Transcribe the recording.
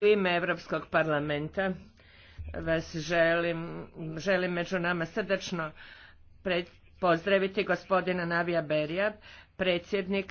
U ime Europskog parlamenta vas želim, želim među nama srdačno pozdraviti gospodina Navija Berija, predsjednik